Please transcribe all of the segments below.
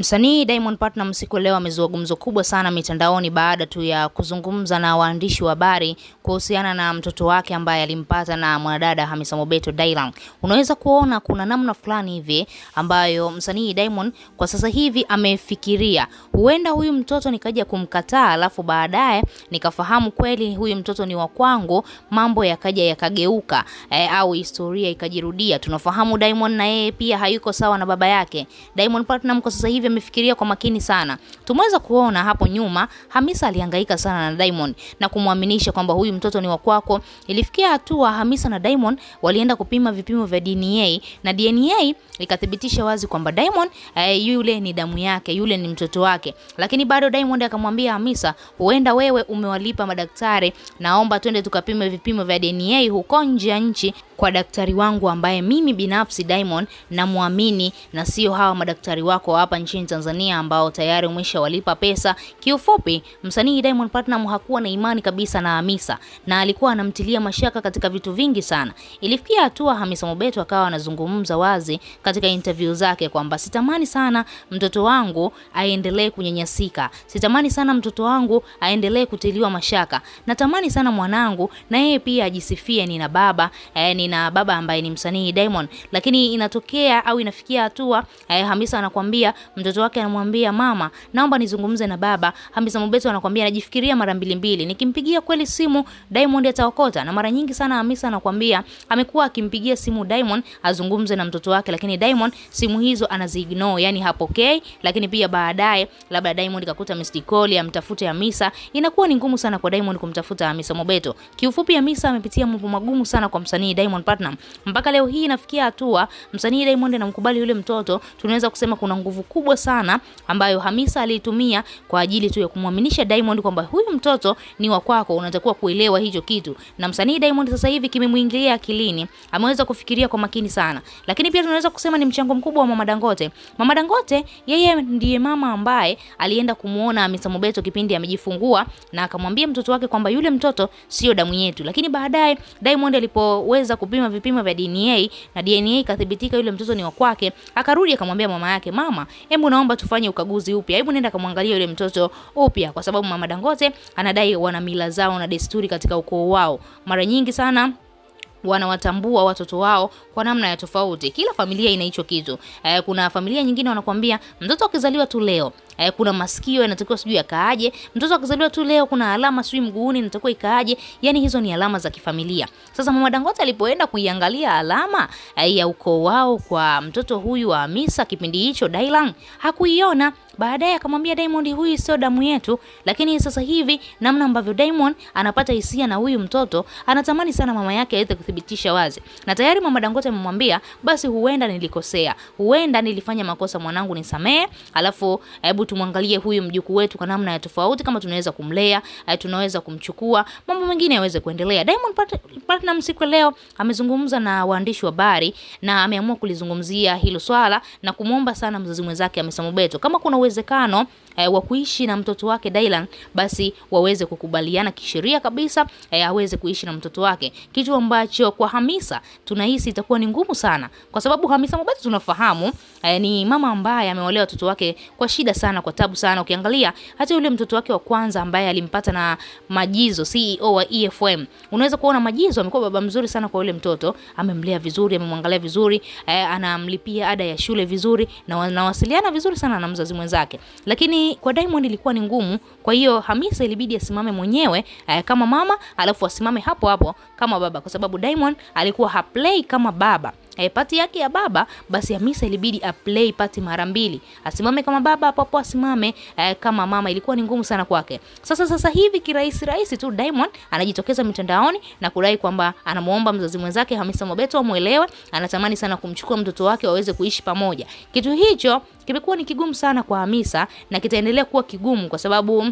Msanii Diamond Platnumz siku leo amezua gumzo kubwa sana mitandaoni baada tu ya kuzungumza na waandishi wa habari kuhusiana na mtoto wake ambaye alimpata na mwanadada Hamisa Mobeto Dylan. Unaweza kuona kuna namna fulani hivi ambayo msanii Diamond kwa sasa hivi amefikiria, huenda huyu mtoto nikaja kumkataa, alafu baadaye nikafahamu kweli huyu mtoto ni wa kwangu, mambo yakaja yakageuka, e, au historia ikajirudia. Tunafahamu Diamond na yeye pia hayuko sawa na baba yake. Diamond Platnumz kwa sasa hivi amefikiria kwa makini sana. Tumeweza kuona hapo nyuma Hamisa alihangaika sana na Diamond na kumwaminisha kwamba huyu mtoto ni wa kwako. Ilifikia hatua Hamisa na Diamond walienda kupima vipimo vya DNA na DNA ikathibitisha wazi kwamba Diamond eh, yule ni damu yake, yule ni mtoto wake. Lakini bado Diamond akamwambia Hamisa, huenda wewe umewalipa madaktari, naomba twende tukapime vipimo vya DNA huko nje ya nchi kwa daktari wangu ambaye mimi binafsi Diamond namwamini na sio hawa madaktari wako hapa nchini Tanzania ambao tayari umeshawalipa pesa. Kiufupi, msanii Diamond Platinum hakuwa na imani kabisa na Hamisa na alikuwa anamtilia mashaka katika vitu vingi sana. Ilifikia hatua Hamisa Mobeto akawa anazungumza wazi katika interview zake kwamba sitamani sana mtoto wangu aendelee kunyanyasika, sitamani sana mtoto wangu aendelee kutiliwa mashaka, natamani sana mwanangu na yeye pia ajisifie, nina baba eh, nina na baba ambaye ni msanii Diamond, lakini inatokea au inafikia hatua eh, Hamisa anakuambia mtoto wake anamwambia mama, naomba nizungumze na baba. Hamisa Mobeto anakuambia anajifikiria mara mbili mbili, nikimpigia kweli simu Diamond ataokota. Na mara nyingi sana Hamisa anakuambia amekuwa akimpigia simu Diamond azungumze na mtoto wake, lakini Diamond simu hizo anaziignore, yani hapokei. Lakini pia baadaye labda Diamond kakuta missed call ya mtafute Hamisa, inakuwa ni ngumu sana kwa Diamond kumtafuta Hamisa Mobeto. Kiufupi, Hamisa amepitia mambo magumu sana kwa msanii Diamond Diamond Platnumz. Mpaka leo hii inafikia hatua msanii Diamond anamkubali yule mtoto, tunaweza kusema kuna nguvu kubwa sana ambayo Hamisa aliitumia kwa ajili tu ya kumwaminisha Diamond kwamba huyu mtoto ni wa kwako, unatakiwa kuelewa hicho kitu. Na msanii Diamond sasa hivi kimemwingilia akilini, ameweza kufikiria kwa makini sana. Lakini pia tunaweza kusema ni mchango mkubwa wa Mama Dangote. Mama Dangote yeye ndiye mama ambaye alienda kumuona Hamisa Mobeto kipindi amejifungua na akamwambia mtoto wake kwamba yule mtoto sio damu yetu. Lakini baadaye Diamond alipoweza kupima vipimo vya DNA na DNA ikathibitika yule mtoto ni wa kwake. Akarudi akamwambia mama yake, mama, hebu naomba tufanye ukaguzi upya, hebu nenda kamwangalia yule mtoto upya, kwa sababu mama Dangote anadai wana mila zao na desturi katika ukoo wao, mara nyingi sana wanawatambua watoto wao kwa namna ya tofauti. Kila familia ina hicho kitu. E, kuna familia nyingine wanakuambia mtoto akizaliwa tu leo eh, kuna masikio yanatakiwa sijui yakaaje, mtoto akizaliwa tu leo kuna alama sijui mguuni inatakiwa ikaaje. Yani hizo ni alama za kifamilia. Sasa mama Dangote alipoenda kuiangalia alama eh, ya ukoo wao kwa mtoto huyu wa Hamisa kipindi hicho Dailang hakuiona. Baadaye akamwambia Diamond, huyu sio damu yetu. Lakini sasa hivi namna ambavyo Diamond anapata hisia na huyu mtoto, anatamani sana mama yake aweze kuthibitisha wazi, na tayari mama Dangote amemwambia basi, huenda nilikosea, huenda nilifanya makosa, mwanangu nisamee, alafu hebu tumwangalie huyu mjukuu wetu kwa namna ya tofauti, kama tunaweza kumlea, eh, tunaweza kumchukua, mambo mengine yaweze kuendelea. Diamond Platnumz siku leo amezungumza na waandishi wa habari na ameamua kulizungumzia hilo swala na kumwomba sana mzazi mwenzake Hamisa Mobeto kama kuna uwezekano eh, wa kuishi na mtoto wake Dylan, basi waweze kukubaliana kisheria kabisa eh, aweze kuishi na mtoto wake, kitu ambacho kwa Hamisa tunahisi itakuwa ni ngumu sana, kwa sababu Hamisa Mobeto tunafahamu eh, ni mama ambaye ameolea watoto wake kwa shida sana sana kwa tabu sana. Ukiangalia hata yule mtoto wake wa kwanza ambaye alimpata na Majizo, CEO wa EFM, unaweza kuona Majizo amekuwa baba mzuri sana kwa yule mtoto, amemlea vizuri, amemwangalia vizuri, eh, anamlipia ada ya shule vizuri na wanawasiliana vizuri sana na mzazi mwenzake. Lakini kwa Diamond ilikuwa ni ngumu, kwa hiyo Hamisa ilibidi asimame mwenyewe eh, kama mama, alafu asimame hapo hapo kama baba, kwa sababu Diamond alikuwa haplay kama baba E, eh, pati yake ya baba basi Hamisa ilibidi aplay pati mara mbili, asimame kama baba hapo hapo asimame e, kama mama, ilikuwa ni ngumu sana kwake. Sasa sasa hivi kirahisi rahisi tu Diamond anajitokeza mitandaoni na kudai kwamba anamuomba mzazi mwenzake Hamisa Mobeto amuelewe, anatamani sana kumchukua mtoto wake waweze kuishi pamoja. Kitu hicho kimekuwa ni kigumu sana kwa Hamisa na kitaendelea kuwa kigumu kwa sababu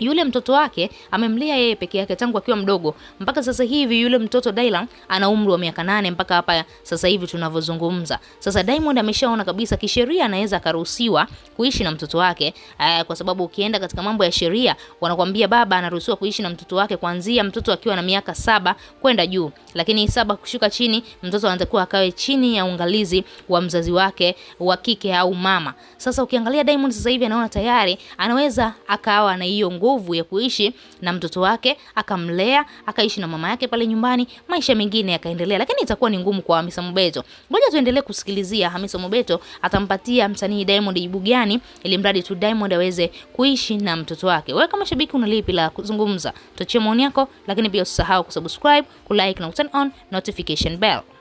yule mtoto wake amemlea yeye peke yake tangu akiwa mdogo mpaka sasa hivi. Yule mtoto Dylan ana umri wa miaka nane mpaka hapa sasa hivi tunavyozungumza. Sasa Diamond ameshaona kabisa kisheria anaweza akaruhusiwa kuishi na mtoto wake aa, eh, kwa sababu ukienda katika mambo ya sheria wanakuambia baba anaruhusiwa kuishi na mtoto wake kuanzia mtoto akiwa na miaka saba kwenda juu, lakini saba kushuka chini, mtoto anatakiwa akawe chini ya uangalizi wa mzazi wake wa kike au mama. Sasa ukiangalia Diamond sasa hivi anaona tayari anaweza akawa na hiyo nguvu nguvu ya kuishi na mtoto wake, akamlea, akaishi na mama yake pale nyumbani, maisha mengine yakaendelea, lakini itakuwa ni ngumu kwa Hamisa Mobeto. Ngoja tuendelee kusikilizia Hamisa Mobeto atampatia msanii Diamond jibu gani, ili mradi tu Diamond aweze kuishi na mtoto wake. Wewe kama shabiki unalipi la kuzungumza? Tuachie maoni yako, lakini pia usisahau kusubscribe, kulike na turn on notification bell.